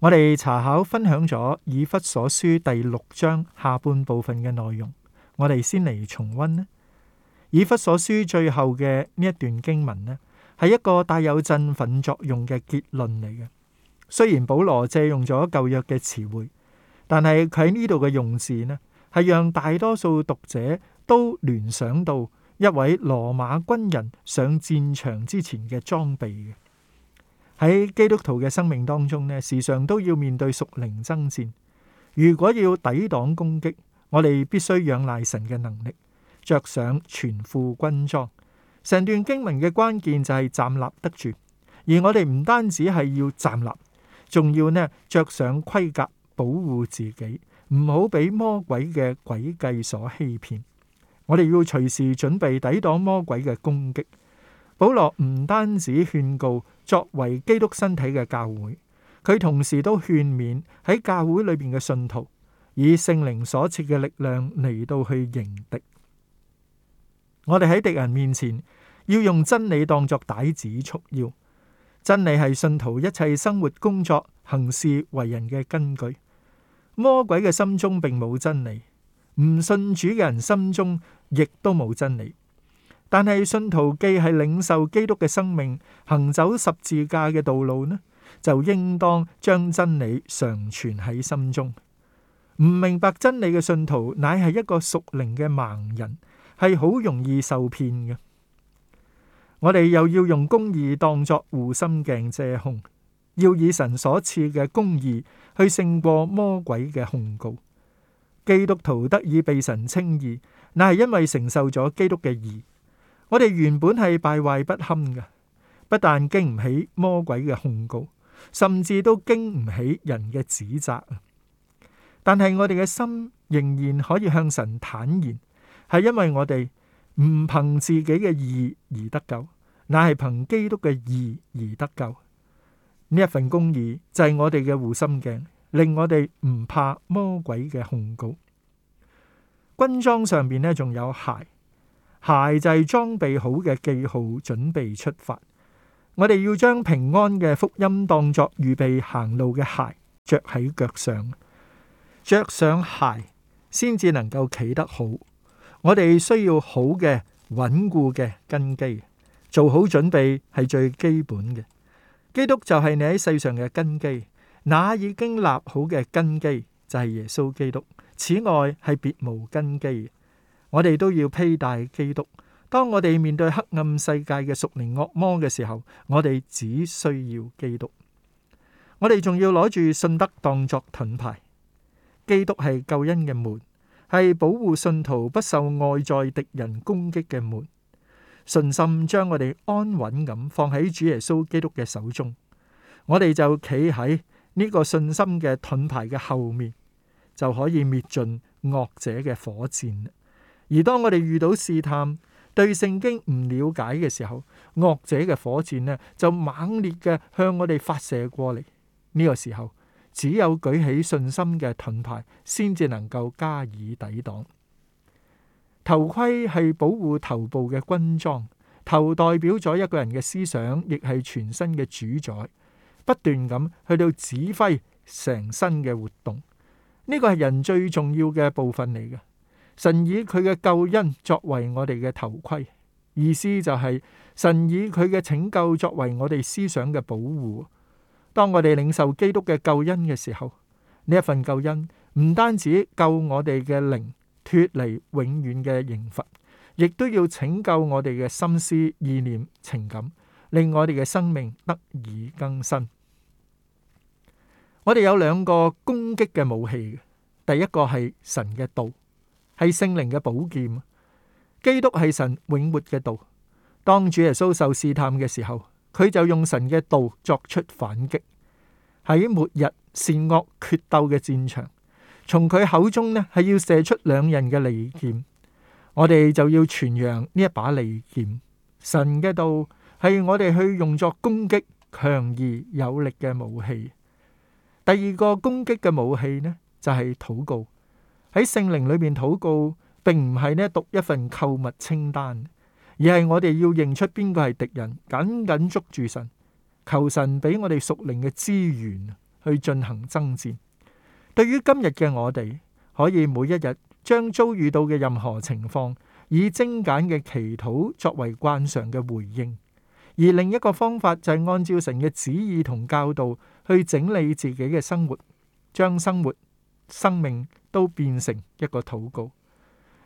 我哋查考分享咗以弗所書第六章下半部分嘅內容，我哋先嚟重溫咧。以弗所書最後嘅呢一段經文呢，係一個帶有振奮作用嘅結論嚟嘅。雖然保羅借用咗舊約嘅詞彙，但係佢喺呢度嘅用字呢，係讓大多數讀者都聯想到一位羅馬軍人上戰場之前嘅裝備嘅。喺基督徒嘅生命當中呢，時常都要面對屬靈爭戰。如果要抵擋攻擊，我哋必須仰賴神嘅能力，着上全副軍裝。成段經文嘅關鍵就係站立得住。而我哋唔單止係要站立，仲要呢，着上盔甲保護自己，唔好俾魔鬼嘅詭計所欺騙。我哋要隨時準備抵擋魔鬼嘅攻擊。保羅唔單止勸告作為基督身體嘅教會，佢同時都勸勉喺教會裏邊嘅信徒，以聖靈所賜嘅力量嚟到去迎敵。我哋喺敵人面前要用真理當作帶子束腰。真理係信徒一切生活、工作、行事為人嘅根據。魔鬼嘅心中並冇真理，唔信主嘅人心中亦都冇真理。但係，信徒既係領受基督嘅生命，行走十字架嘅道路呢，就應當將真理常存喺心中。唔明白真理嘅信徒，乃係一個屬靈嘅盲人，係好容易受騙嘅。我哋又要用公義當作護心鏡遮胸，要以神所賜嘅公義去勝過魔鬼嘅控告。基督徒得以被神稱義，乃係因為承受咗基督嘅義。我哋原本係敗壞不堪嘅，不但經唔起魔鬼嘅控告，甚至都經唔起人嘅指責。但係我哋嘅心仍然可以向神坦然，係因為我哋唔憑自己嘅義而得救，乃係憑基督嘅義而得救。呢一份公義就係我哋嘅護心鏡，令我哋唔怕魔鬼嘅控告。軍裝上邊呢，仲有鞋。鞋就係裝備好嘅記號，準備出發。我哋要將平安嘅福音當作預備行路嘅鞋，着喺腳上。着上鞋先至能夠企得好。我哋需要好嘅穩固嘅根基，做好準備係最基本嘅。基督就係你喺世上嘅根基，那已經立好嘅根基就係耶穌基督。此外係別無根基。我哋都要披戴基督。當我哋面對黑暗世界嘅屬靈惡魔嘅時候，我哋只需要基督。我哋仲要攞住信德當作盾牌。基督係救恩嘅門，係保護信徒不受外在敵人攻擊嘅門。信心將我哋安穩咁放喺主耶穌基督嘅手中，我哋就企喺呢個信心嘅盾牌嘅後面，就可以滅盡惡者嘅火箭。而當我哋遇到試探，對聖經唔了解嘅時候，惡者嘅火箭呢，就猛烈嘅向我哋發射過嚟。呢個時候，只有舉起信心嘅盾牌，先至能夠加以抵擋。頭盔係保護頭部嘅軍裝，頭代表咗一個人嘅思想，亦係全身嘅主宰，不斷咁去到指揮成身嘅活動。呢個係人最重要嘅部分嚟嘅。神以佢嘅救恩作為我哋嘅頭盔，意思就係神以佢嘅拯救作為我哋思想嘅保護。當我哋領受基督嘅救恩嘅時候，呢一份救恩唔單止救我哋嘅靈脱離永遠嘅刑罰，亦都要拯救我哋嘅心思意念情感，令我哋嘅生命得以更新。我哋有兩個攻擊嘅武器嘅，第一個係神嘅道。係聖靈嘅寶劍，基督係神永活嘅道。當主耶穌受試探嘅時候，佢就用神嘅道作出反擊。喺末日善惡決鬥嘅戰場，從佢口中呢係要射出兩刃嘅利劍。我哋就要傳揚呢一把利劍，神嘅道係我哋去用作攻擊強而有力嘅武器。第二個攻擊嘅武器呢就係禱告。喺聖靈裏面禱告，並唔係呢讀一份購物清單，而係我哋要認出邊個係敵人，緊緊捉住神，求神俾我哋屬靈嘅資源去進行爭戰。對於今日嘅我哋，可以每一日將遭遇到嘅任何情況，以精簡嘅祈禱作為慣常嘅回應。而另一個方法就係按照神嘅旨意同教導去整理自己嘅生活，將生活。生命都變成一個禱告，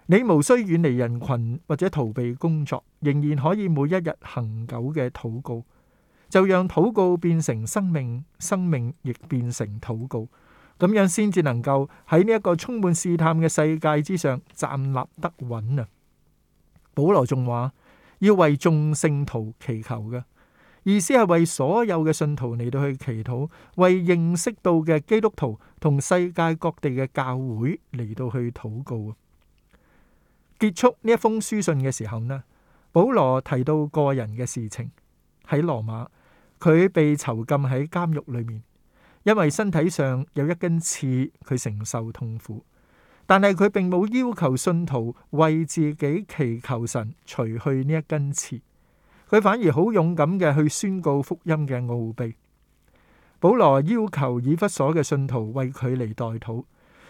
你無需遠離人群或者逃避工作，仍然可以每一日恒久嘅禱告，就讓禱告變成生命，生命亦變成禱告，咁樣先至能夠喺呢一個充滿試探嘅世界之上站立得穩啊。保羅仲話要為眾聖徒祈求嘅。意思係為所有嘅信徒嚟,到去祈禱，為認識到嘅基督徒同世界各地嘅教會嚟到去禱告啊！結束呢一封書信嘅時候呢，保羅提到個人嘅事情喺羅馬，佢被囚禁喺監獄裏面，因為身體上有一根刺，佢承受痛苦，但係佢並冇要求信徒為自己祈求神除去呢一根刺。佢反而好勇敢嘅去宣告福音嘅奧祕。保羅要求以弗所嘅信徒為佢嚟代禱，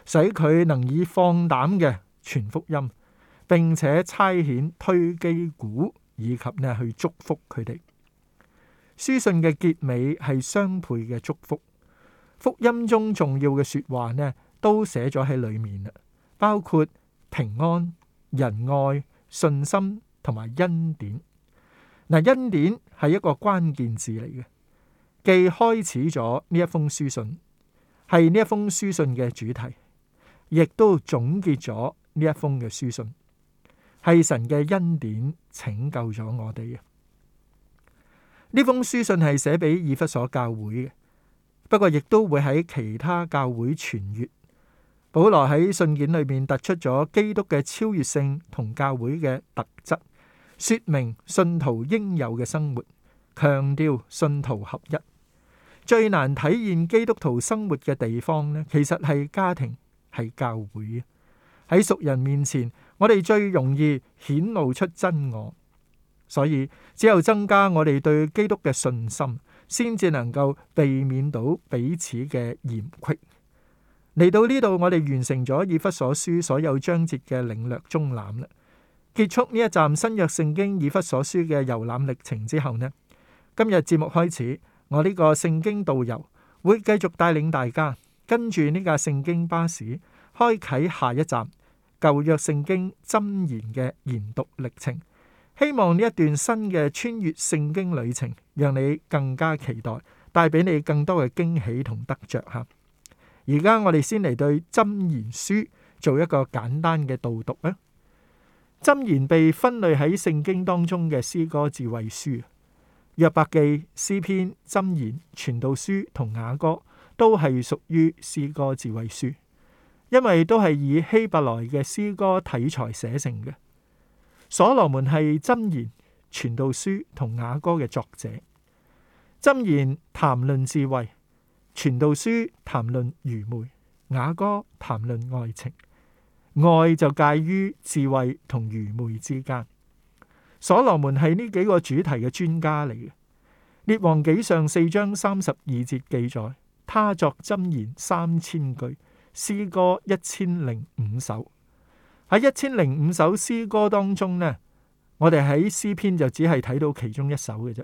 使佢能以放膽嘅傳福音，並且差遣推基古以及呢去祝福佢哋。書信嘅結尾係雙倍嘅祝福，福音中重要嘅說話呢都寫咗喺裏面啦，包括平安、仁愛、信心同埋恩典。嗱，恩典係一個關鍵字嚟嘅，既開始咗呢一封書信，係呢一封書信嘅主題，亦都總結咗呢一封嘅書信，係神嘅恩典拯救咗我哋嘅。呢封書信係寫俾以弗所教會嘅，不過亦都會喺其他教會傳閱。保羅喺信件裏面突出咗基督嘅超越性同教會嘅特質。說明信徒應有嘅生活，強調信徒合一。最難體現基督徒生活嘅地方咧，其實係家庭，係教會。喺熟人面前，我哋最容易顯露出真我。所以，只有增加我哋對基督嘅信心，先至能夠避免到彼此嘅嫌隙。嚟到呢度，我哋完成咗以弗所書所有章節嘅領略中覽啦。結束呢一站新約聖經以弗所書嘅遊覽歷程之後呢，今日節目開始，我呢個聖經導遊會繼續帶領大家跟住呢架聖經巴士，開啟下一站舊約聖經箴言嘅研讀歷程。希望呢一段新嘅穿越聖經旅程，讓你更加期待，帶俾你更多嘅驚喜同得着吓。而家我哋先嚟對箴言書做一個簡單嘅導讀咧。箴言被分類喺聖經當中嘅詩歌智慧書，約伯記、詩篇、箴言、傳道書同雅歌都係屬於詩歌智慧書，因為都係以希伯來嘅詩歌體裁寫成嘅。所羅門係箴言、傳道書同雅歌嘅作者。箴言談論智慧，傳道書談論愚昧，雅歌談論愛情。愛就介于智慧同愚昧之間。所羅門係呢幾個主題嘅專家嚟嘅。列王紀上四章三十二節記載，他作箴言三千句，詩歌一千零五首。喺一千零五首詩歌當中呢，我哋喺詩篇就只係睇到其中一首嘅啫。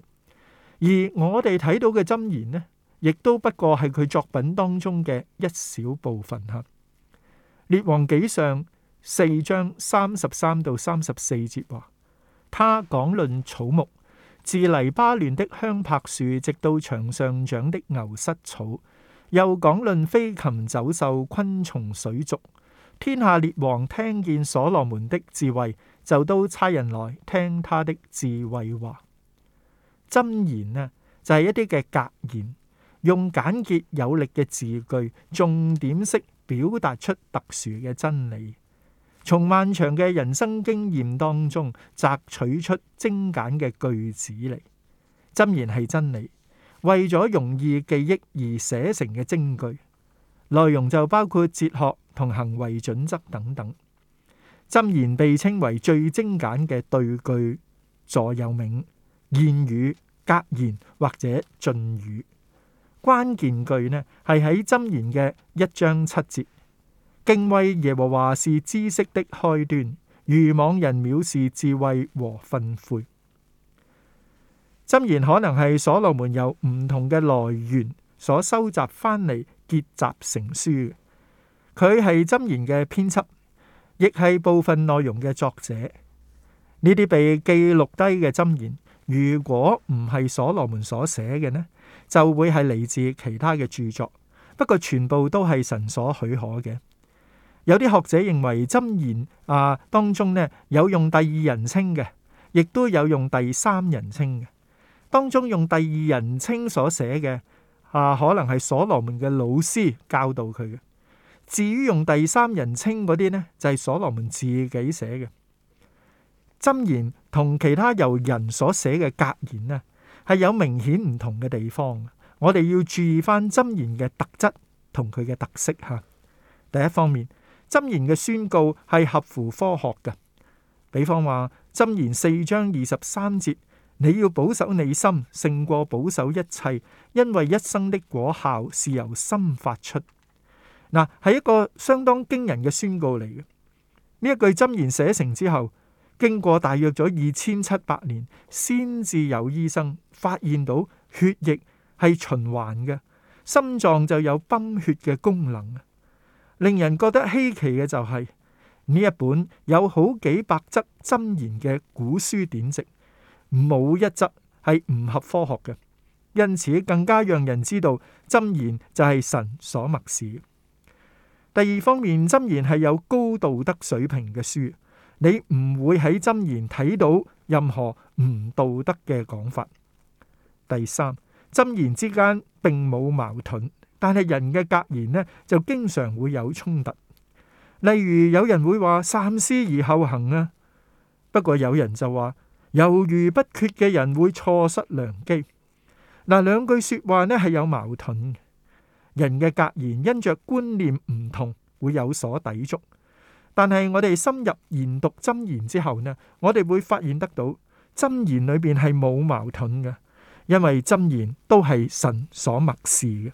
而我哋睇到嘅箴言呢，亦都不過係佢作品當中嘅一小部分吓。列王記上四章三十三到三十四節話，他講論草木，自利巴嫩的香柏樹，直到牆上長的牛膝草，又講論飛禽走獸、昆蟲水族。天下列王聽見所羅門的智慧，就都差人來聽他的智慧話。箴言呢就係、是、一啲嘅格言，用簡潔有力嘅字句，重點式。表達出特殊嘅真理，從漫長嘅人生經驗當中摘取出精簡嘅句子嚟，箴言係真理，為咗容易記憶而寫成嘅精句，內容就包括哲學同行為準則等等。箴言被稱為最精簡嘅對句、座右銘、諺語、格言或者盡語。關鍵句呢，係喺箴言嘅一章七節，敬畏耶和華是知識的開端，愚妄人藐視智慧和訓誨。箴言可能係所羅門由唔同嘅來源所收集翻嚟結集成書嘅，佢係箴言嘅編輯，亦係部分內容嘅作者。呢啲被記錄低嘅箴言，如果唔係所羅門所寫嘅呢，就會係嚟自其他嘅著作，不過全部都係神所許可嘅。有啲學者認為箴言啊，當中呢有用第二人稱嘅，亦都有用第三人稱嘅。當中用第二人稱所寫嘅啊，可能係所羅門嘅老師教導佢嘅。至於用第三人稱嗰啲呢，就係所羅門自己寫嘅。箴言同其他由人所寫嘅格言呢，係有明顯唔同嘅地方，我哋要注意翻箴言嘅特質同佢嘅特色吓。第一方面，箴言嘅宣告係合乎科學嘅。比方話，箴言四章二十三節，你要保守你心，勝過保守一切，因為一生的果效是由心發出。嗱，係一個相當驚人嘅宣告嚟嘅。呢一句箴言寫成之後。經過大約咗二千七百年，先至有醫生發現到血液係循環嘅，心臟就有泵血嘅功能。令人覺得稀奇嘅就係呢一本有好幾百則箴言嘅古書典籍，冇一則係唔合科學嘅，因此更加讓人知道箴言就係神所默示。第二方面，箴言係有高道德水平嘅書。你唔會喺箴言睇到任何唔道德嘅講法。第三，箴言之間並冇矛盾，但係人嘅格言呢就經常會有衝突。例如有人會話三思而後行啊，不過有人就話猶豫不決嘅人會錯失良機。嗱，兩句說話呢係有矛盾。人嘅格言因着觀念唔同，會有所抵觸。但係我哋深入研讀箴言之後呢，我哋會發現得到箴言裏邊係冇矛盾嘅，因為箴言都係神所默示嘅。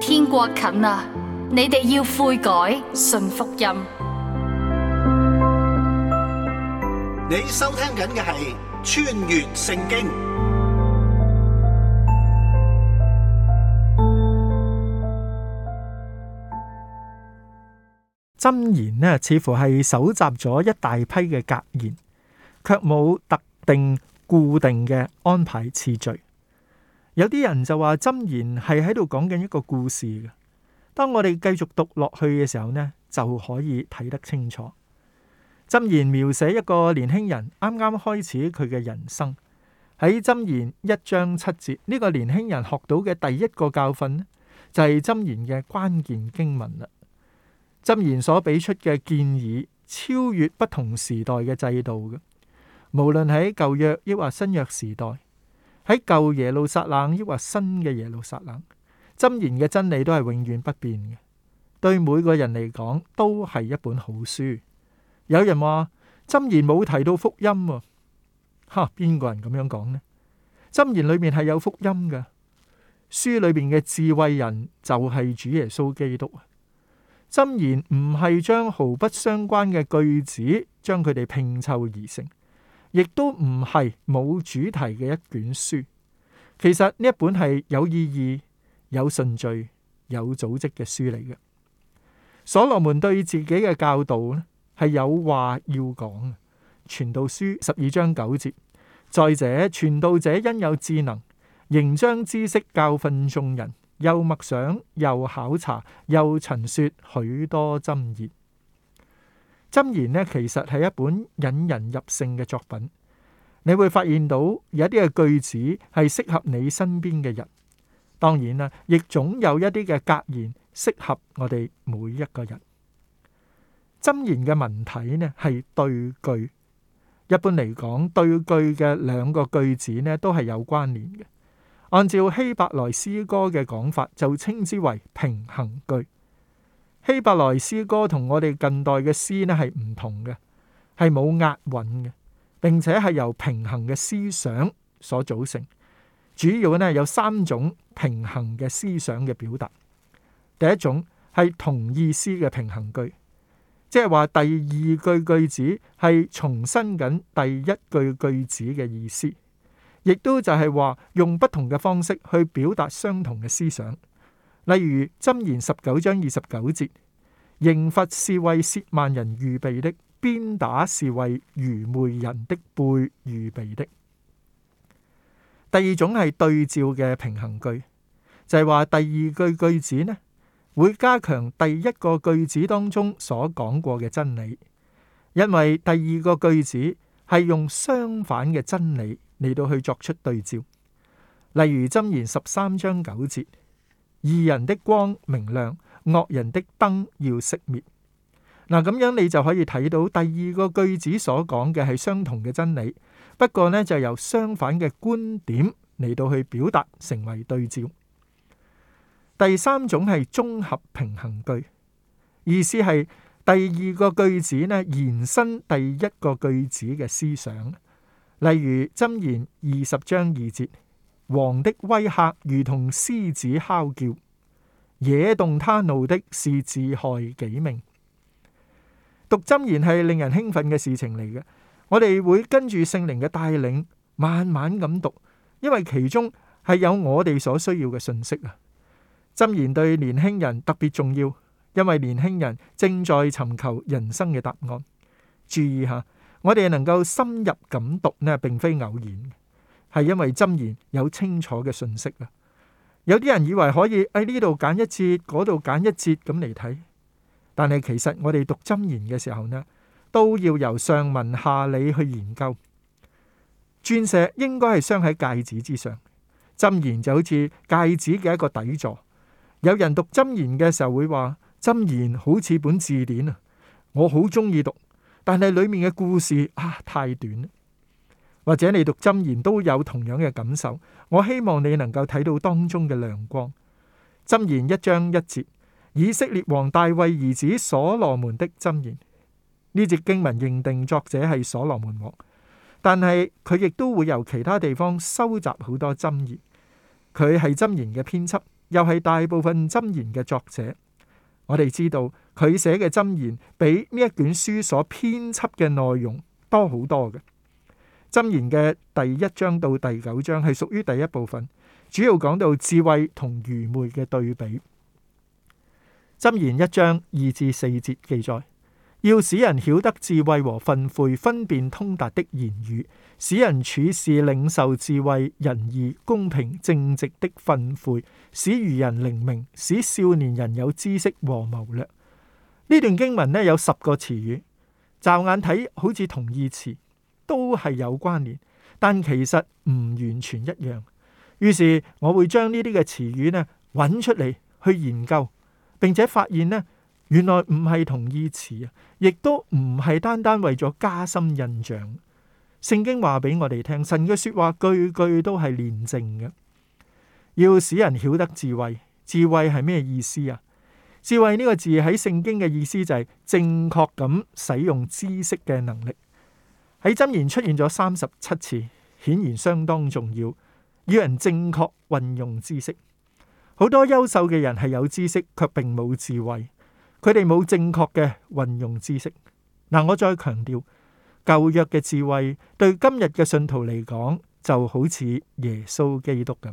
天國近啦，你哋要悔改，信福音。你收聽緊嘅係穿越聖經。箴言咧，似乎係搜集咗一大批嘅格言，卻冇特定固定嘅安排次序。有啲人就話箴言係喺度講緊一個故事嘅。當我哋繼續讀落去嘅時候呢，就可以睇得清楚。箴言描寫一個年輕人啱啱開始佢嘅人生。喺箴言一章七節，呢、這個年輕人學到嘅第一個教訓就係、是、箴言嘅關鍵經文啦。箴言所俾出嘅建議超越不同時代嘅制度嘅，無論喺舊約抑或新約時代，喺舊耶路撒冷抑或新嘅耶路撒冷，箴言嘅真理都係永遠不變嘅。對每個人嚟講都係一本好書。有人話箴言冇提到福音喎。啊，吓邊個人咁樣講呢？箴言裏面係有福音嘅，書裏邊嘅智慧人就係主耶穌基督。箴言唔係將毫不相關嘅句子將佢哋拼湊而成，亦都唔係冇主題嘅一卷書。其實呢一本係有意義、有順序、有組織嘅書嚟嘅。所羅門對自己嘅教導咧，係有話要講。傳道書十二章九節。再者，傳道者因有智能，仍將知識教訓眾人。又默想，又考察，又陳說許多箴言。箴言呢，其實係一本引人入勝嘅作品。你會發現到有一啲嘅句子係適合你身邊嘅人。當然啦，亦總有一啲嘅格言適合我哋每一個人。箴言嘅文體呢係對句。一般嚟講，對句嘅兩個句子呢都係有關聯嘅。按照希伯來詩歌嘅講法，就稱之為平衡句。希伯來詩歌同我哋近代嘅詩呢係唔同嘅，係冇押韻嘅，並且係由平衡嘅思想所組成。主要呢，有三種平衡嘅思想嘅表達。第一種係同意思嘅平衡句，即係話第二句句子係重申緊第一句句子嘅意思。亦都就係話用不同嘅方式去表達相同嘅思想，例如《箴言》十九章二十九節：刑罰是為褻慢人預備的，鞭打是為愚昧人的背預備的。第二種係對照嘅平衡句，就係話第二句句子呢會加強第一個句子當中所講過嘅真理，因為第二個句子係用相反嘅真理。嚟到去作出對照，例如《箴言》十三章九節，義人的光明亮，惡人的燈要熄滅。嗱，咁樣你就可以睇到第二個句子所講嘅係相同嘅真理，不過呢就由相反嘅觀點嚟到去表達，成為對照。第三種係綜合平衡句，意思係第二個句子呢延伸第一個句子嘅思想。例如《箴言》二十章二節，王的威嚇如同獅子哮叫，惹動他怒的是自害己命。讀箴言係令人興奮嘅事情嚟嘅，我哋會跟住聖靈嘅帶領，慢慢咁讀，因為其中係有我哋所需要嘅信息啊。箴言對年輕人特別重要，因為年輕人正在尋求人生嘅答案。注意下。我哋能夠深入咁讀呢，並非偶然，係因為箴言有清楚嘅信息啦。有啲人以為可以喺呢度揀一節，嗰度揀一節咁嚟睇，但係其實我哋讀箴言嘅時候呢，都要由上文下理去研究。鑽石應該係鑲喺戒指之上，箴言就好似戒指嘅一個底座。有人讀箴言嘅時候會話：箴言好似本字典啊，我好中意讀。但係裏面嘅故事啊，太短，或者你讀箴言都有同樣嘅感受。我希望你能夠睇到當中嘅亮光。箴言一章一節，以色列王大衛兒子所羅門的箴言。呢節經文認定作者係所羅門王，但係佢亦都會由其他地方收集好多箴言。佢係箴言嘅編輯，又係大部分箴言嘅作者。我哋知道佢寫嘅箴言比呢一卷書所編輯嘅內容多好多嘅。箴言嘅第一章到第九章係屬於第一部分，主要講到智慧同愚昧嘅對比。箴言一章二至四節記載。要使人曉得智慧和訓誨，分辨通達的言語，使人處事領受智慧仁義公平正直的訓誨，使愚人靈明，使少年人有知識和謀略。呢段經文呢有十個詞語，乍眼睇好似同義詞，都係有關聯，但其實唔完全一樣。於是我會將呢啲嘅詞語呢揾出嚟去研究，並且發現呢。原來唔係同義詞啊，亦都唔係單單為咗加深印象。聖經話俾我哋聽，神嘅說話句句都係煉淨嘅，要使人曉得智慧。智慧係咩意思啊？智慧呢個字喺聖經嘅意思就係正確咁使用知識嘅能力。喺《箴言》出現咗三十七次，顯然相當重要。要人正確運用知識。好多優秀嘅人係有知識，卻並冇智慧。佢哋冇正確嘅運用知識。嗱，我再強調舊約嘅智慧對今日嘅信徒嚟講就好似耶穌基督咁。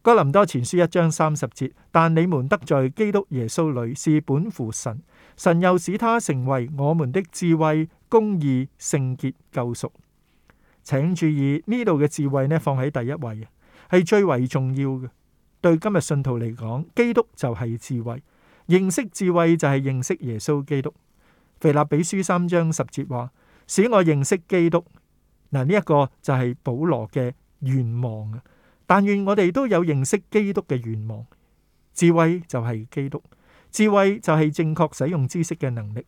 哥林多前書一章三十節，但你們得在基督耶穌裏是本乎神，神又使他成為我們的智慧、公義、聖潔、救贖。請注意呢度嘅智慧呢，放喺第一位，係最為重要嘅。對今日信徒嚟講，基督就係智慧。認識智慧就係認識耶穌基督。腓立比書三章十節話：使我認識基督。嗱，呢一個就係保羅嘅願望。但願我哋都有認識基督嘅願望。智慧就係基督，智慧就係正確使用知識嘅能力。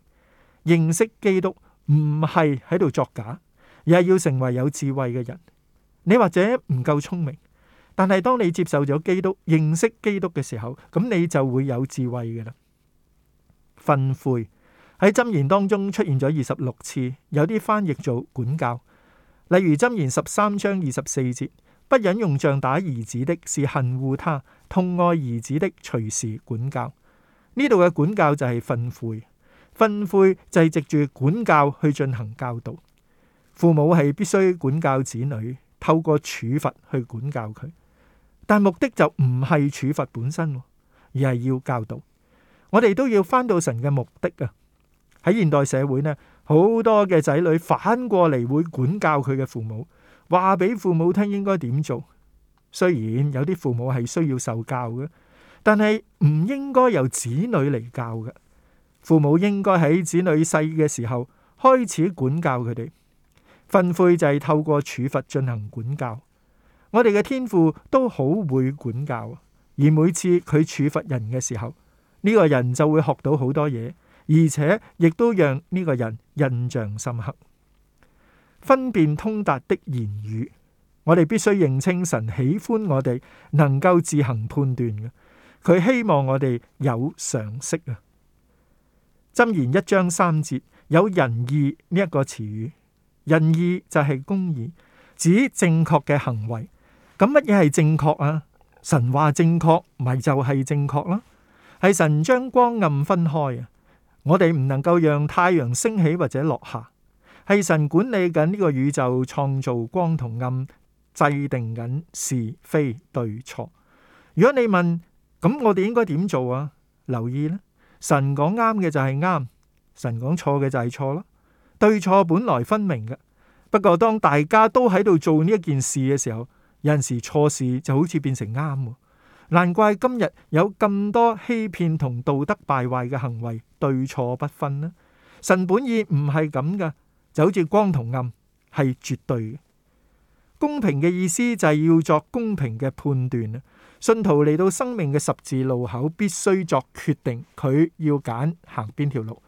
認識基督唔係喺度作假，而係要成為有智慧嘅人。你或者唔夠聰明。但係當你接受咗基督，認識基督嘅時候，咁你就會有智慧嘅啦。訓誨喺箴言當中出現咗二十六次，有啲翻譯做管教。例如箴言十三章二十四節，不忍用杖打兒子的，是恨護他；痛愛兒子的，隨時管教。呢度嘅管教就係訓誨，訓誨就係藉住管教去進行教導。父母係必須管教子女，透過處罰去管教佢。但目的就唔係處罰本身，而係要教導。我哋都要返到神嘅目的啊！喺現代社會呢，好多嘅仔女反過嚟，會管教佢嘅父母，話俾父母聽應該點做。雖然有啲父母係需要受教嘅，但係唔應該由子女嚟教嘅。父母應該喺子女細嘅時候開始管教佢哋。訓誨就係透過處罰進行管教。我哋嘅天父都好會管教，而每次佢處罰人嘅時候，呢個人就會學到好多嘢，而且亦都讓呢個人印象深刻。分辨通達的言語，我哋必須認清神喜歡我哋，能夠自行判斷嘅。佢希望我哋有常識啊。箴言一章三節有仁義呢一個詞語，仁義就係公義，指正確嘅行為。咁乜嘢係正確啊？神話正確咪就係正確啦。係神將光暗分開啊。我哋唔能夠讓太陽升起或者落下。係神管理緊呢個宇宙，創造光同暗，制定緊是非對錯。如果你問咁，我哋應該點做啊？留意咧，神講啱嘅就係啱，神講錯嘅就係錯咯。對錯本來分明嘅，不過當大家都喺度做呢一件事嘅時候。有陣時錯事就好似變成啱，難怪今日有咁多欺騙同道德敗壞嘅行為，對錯不分啦。神本意唔係咁㗎，就好似光同暗係絕對嘅。公平嘅意思就係要作公平嘅判斷。信徒嚟到生命嘅十字路口，必須作決定，佢要揀行邊條路。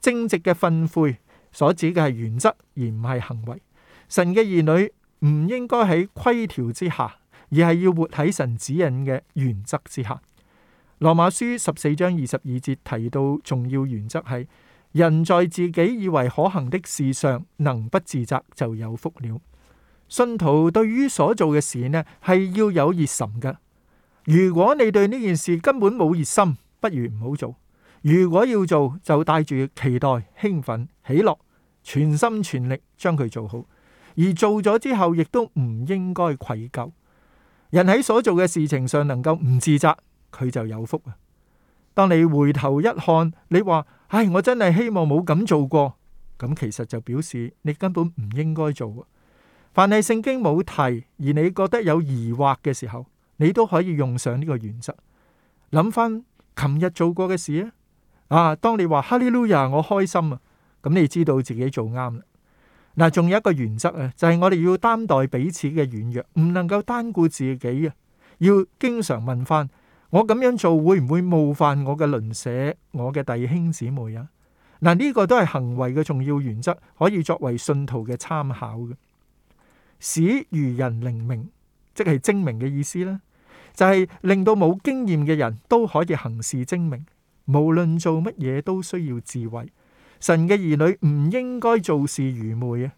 正直嘅分悔所指嘅係原則，而唔係行為。神嘅兒女。唔應該喺規條之下，而係要活喺神指引嘅原則之下。羅馬書十四章二十二節提到重要原則係：人在自己以為可行的事上，能不自責就有福了。信徒對於所做嘅事呢，係要有熱忱㗎。如果你對呢件事根本冇熱心，不如唔好做。如果要做，就帶住期待、興奮、喜樂，全心全力將佢做好。而做咗之後，亦都唔應該愧疚。人喺所做嘅事情上能夠唔自責，佢就有福啊。當你回頭一看，你話：唉、哎，我真係希望冇咁做過。咁其實就表示你根本唔應該做。凡係聖經冇提而你覺得有疑惑嘅時候，你都可以用上呢個原則，諗翻琴日做過嘅事啊。啊，當你話哈利路亞，elujah, 我開心啊，咁你知道自己做啱。嗱，仲有一個原則啊，就係、是、我哋要擔待彼此嘅軟弱，唔能夠單顧自己啊！要經常問翻，我咁樣做會唔會冒犯我嘅鄰舍、我嘅弟兄姊妹啊？嗱，呢個都係行為嘅重要原則，可以作為信徒嘅參考嘅。使愚人靈明，即係精明嘅意思啦，就係、是、令到冇經驗嘅人都可以行事精明，無論做乜嘢都需要智慧。神嘅兒女唔應該做事愚昧啊！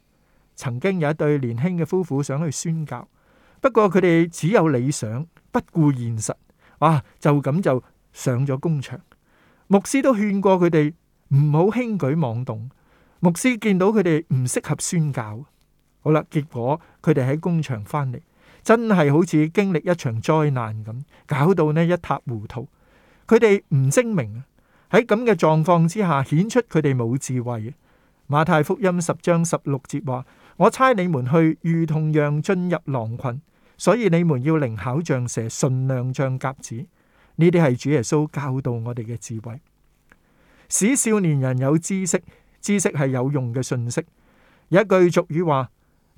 曾經有一對年輕嘅夫婦想去宣教，不過佢哋只有理想，不顧現實，啊！就咁就上咗工場。牧師都勸過佢哋唔好輕舉妄動。牧師見到佢哋唔適合宣教，好啦，結果佢哋喺工場返嚟，真係好似經歷一場災難咁，搞到呢一塌糊塗。佢哋唔精明啊！喺咁嘅狀況之下，顯出佢哋冇智慧。馬太福音十章十六節話：我差你們去，如同羊進入狼群，所以你們要靈巧像蛇，馴良像鴿子。呢啲係主耶穌教導我哋嘅智慧，使少年人有知識，知識係有用嘅信息。有一句俗語話：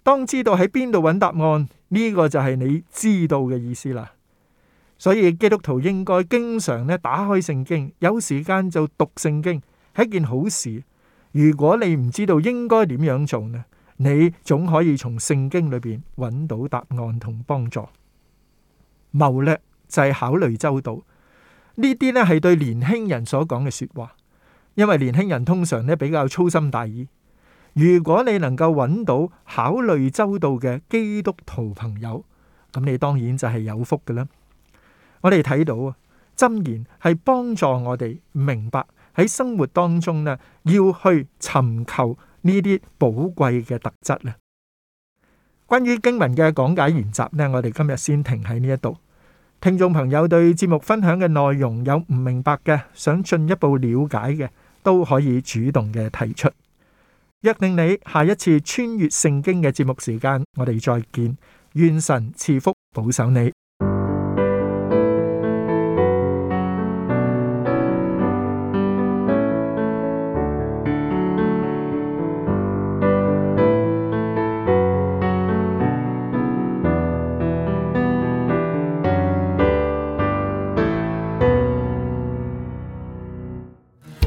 當知道喺邊度揾答案，呢、這個就係你知道嘅意思啦。所以基督徒應該經常咧打開聖經，有時間就讀聖經係一件好事。如果你唔知道應該點樣做呢，你總可以從聖經裏邊揾到答案同幫助。謀略就係考慮周到呢啲咧，係對年輕人所講嘅說話，因為年輕人通常咧比較粗心大意。如果你能夠揾到考慮周到嘅基督徒朋友，咁你當然就係有福嘅啦。我哋睇到啊，箴言係幫助我哋明白喺生活當中呢，要去尋求呢啲寶貴嘅特質啊。關於經文嘅講解原則呢，我哋今日先停喺呢一度。聽眾朋友對節目分享嘅內容有唔明白嘅，想進一步了解嘅，都可以主動嘅提出。約定你下一次穿越聖經嘅節目時間，我哋再見。願神賜福保守你。